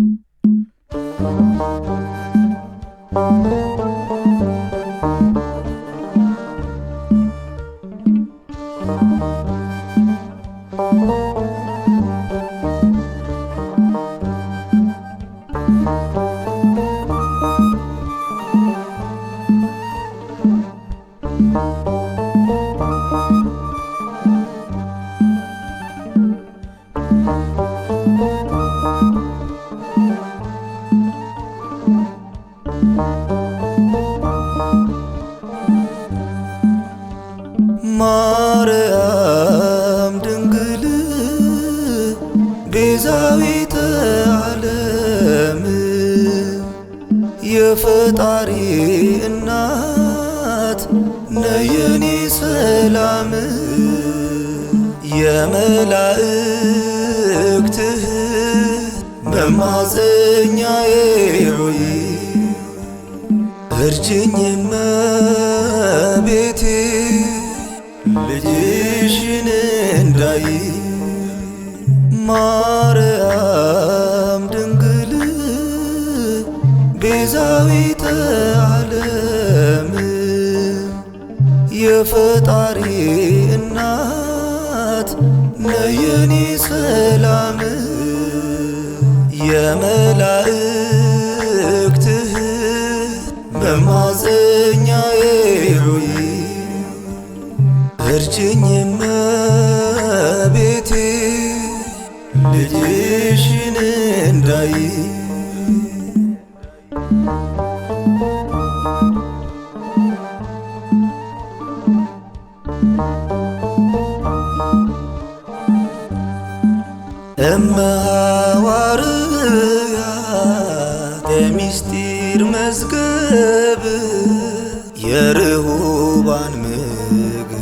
Thank you. የፈጣሪ እናት ነየኔ ሰላም የመላእክትህ መማፀኛዬ ሆይ እርጅኝ እመቤቴ ልጅሽን እንዳይ ማርያም መድኃኒተ ዓለም የፈጣሪ እናት ነየኒ ሰላም የመላእክትህ መማፀኛዬ ሆይ እርጅኝ እመቤቴ ልጅሽን እንዳይ እመሐዋርያት የሚስጢር መዝገብ የርሁባን ምግብ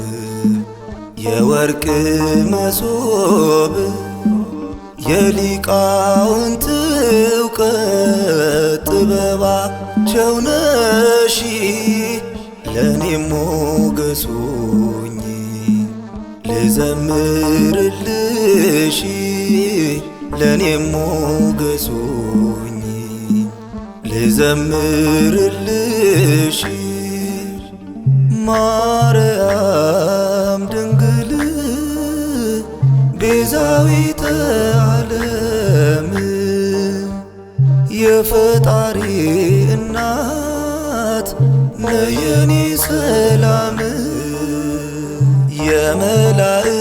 የወርቅ መሶብ የሊቃውንት እውቀት ጥበባቸው ነሽ ለእኔም ሞገሱኝ ልዘምርልሽ ለእኔም ሞገሱኝ ልዘምርልሽ ማርያም ድንግል ቤዛዊተ ዓለም የፈጣሪ እናት ነየኔ ሰላም የመላእ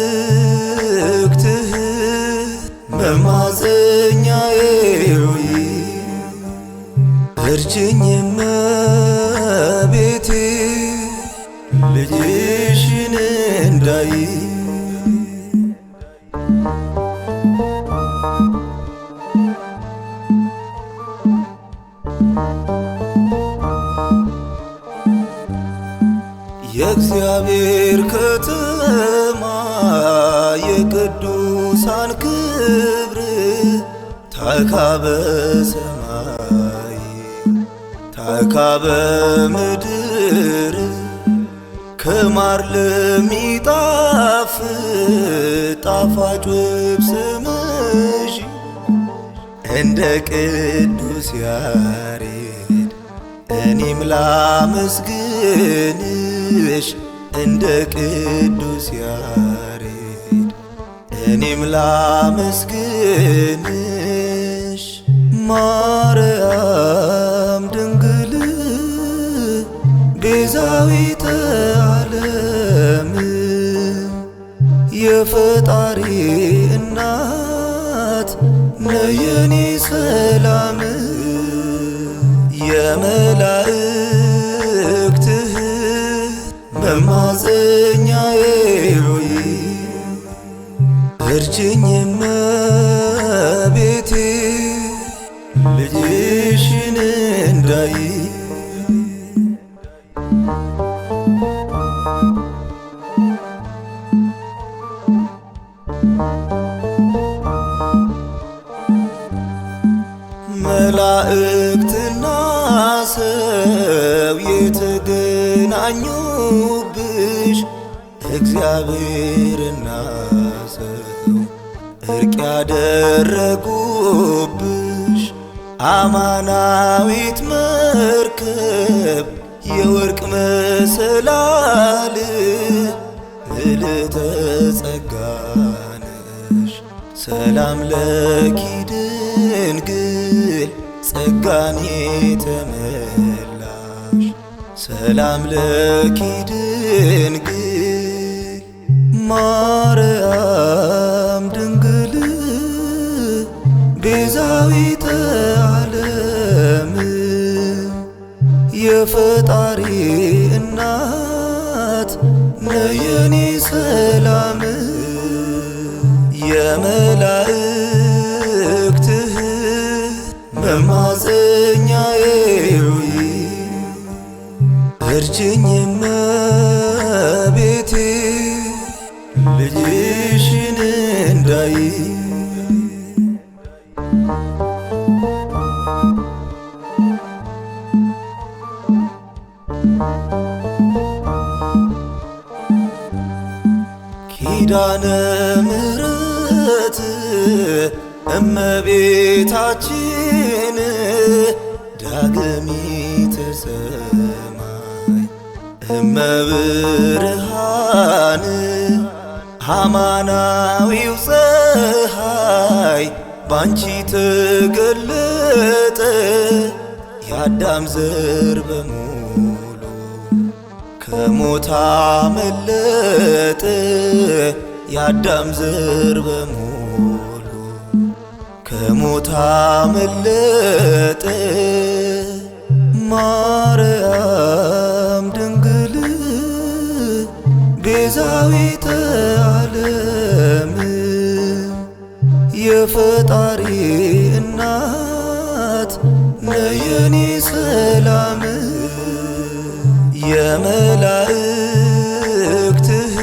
እግዚአብሔር ከተማ የቅዱሳን ክብር ታካበ በሰማይ ታካበ ምድር ከማር ለሚጣፍ ጣፋጭ ውብ ስምሽ እንደ ቅዱስ ያሬድ እኔም ላመስግንሽ እንደ ቅዱስ ያሬድ እኔም ላመስግንሽ ማርያም ድንግል ቤዛዊተ ዓለም የፈጣሪ እናት ነየኔ ሰላም የመላ አትንጭኝም ቤቴ ልጅሽን እንዳይ መላእክትና ሰው የተገናኙብሽ እግዚአብሔርና እርቅ ያደረጉብሽ አማናዊት መርከብ የወርቅ መሰላል ምልዕተ ሰላም ለኪ ድንግል ጸጋኔ ተመላሽ ሰላም ለኪ ድንግል ማርያም የፈጣሪ እናት ነየኔ ሰላም የመላእክትህ መማፀኛዬ እርጅኝ እመቤቴ ልጅሽን እንዳይ ኪዳነ ምሕረት እመቤታችን ዳግሚት ሰማይ እመብርሃን ሃማናዊው ፀሐይ ባንቺ ተገለጠ ያዳም ዘር በሙ ከሞት አመለጠ የአዳም ዘር በሙሉ ከሞት አመለጠ ማርያም ድንግል ቤዛዊተ ዓለም የፈጣሪ እናት ነየኔ ሰላም ለመላእክትህ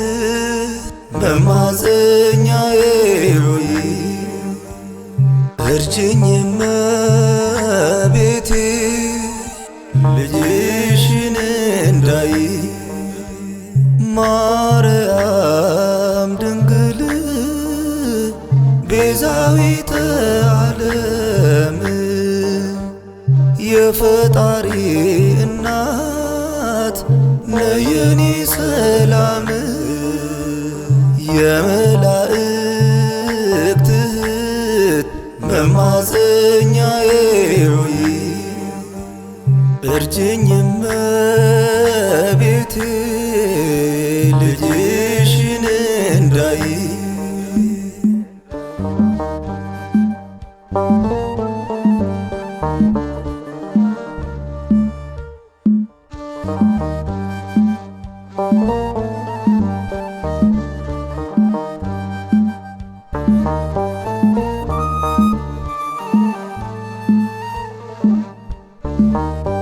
መማፀኛዬ ሆይ እርጅኝ እመቤቴ ልጅሽን እንዳይ ማርያም ድንግል ቤዛዊተ ዓለም የፈጣሪ እናት ነየኔ ሰላም የመላእክት መማፀኛዬ ሆይ እርጅኝ እመቤቴ Bye.